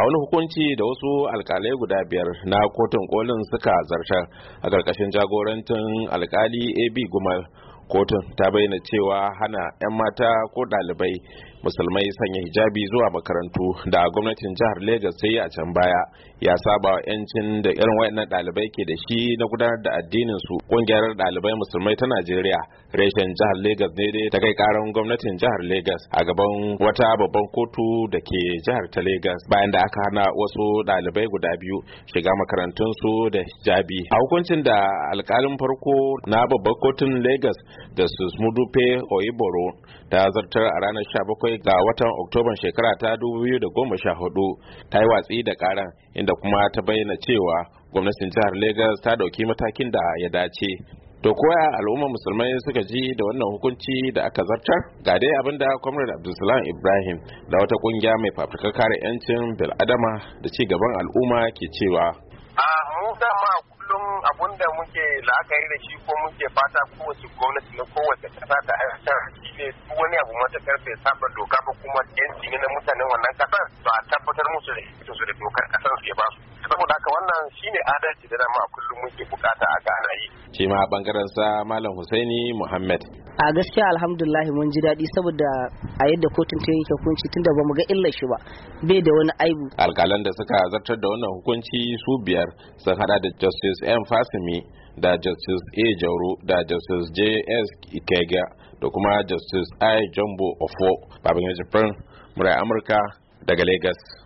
a wani hukunci da wasu alkalai guda biyar na kotun kolin suka zartar a ƙarƙashin jagorantin alkali ab gumal kotun ta bayyana cewa hana 'yan mata ko ɗalibai musulmai sanya hijabi zuwa makarantu da gwamnatin jihar Legas sai a can baya ya saba yancin da irin wayannan ɗalibai ke da shi na gudanar da addinin su kungiyar ɗalibai musulmai ta Najeriya reshen jihar Legas ne dai ta kai karan gwamnatin jihar Legas a gaban wata babban kotu da ke jihar ta Legas bayan da aka hana wasu ɗalibai guda biyu shiga makarantun su da hijabi a hukuncin da alkalin farko na babban kotun Legas Da su Mudupe Oiboro ta zartar a ranar 17 ga watan Oktoban shekara ta 2014 ta yi watsi da karan inda kuma ta bayyana cewa gwamnatin jihar Legas ta dauki matakin da ya dace. To koya al'ummar musulmai suka ji da wannan hukunci da aka zartar? Ga dai abin da Comrade Abdulsalam Ibrahim da wata kungiya mai fafutukar kare 'yancin bil'adama da ci gaban al'umma ke cewa. A mu abun da muke la'akari da shi ko muke fata kowace gwamnati na kowace kasa ta aiwatar shi ne wani abu matakar bai saba doka ba kuma yanci na mutanen wannan tabbatar musu da su da dokar kasar su ya ba su saboda haka wannan shine adalci da dama kullum muke bukata a ga ana yi shi ma bangaren sa malam Husaini Muhammad a gaskiya alhamdulillah mun ji daɗi saboda a yadda kotun ta yanke hukunci tunda ba mu ga illa shi ba bai da wani aibu alkalan da suka zartar da wannan hukunci su biyar sun hada da Justice M Fasimi da Justice A Jauro da Justice J S Ikega da kuma Justice I Jumbo Ofo Babin Jibrin Murai Amurka daga Lagos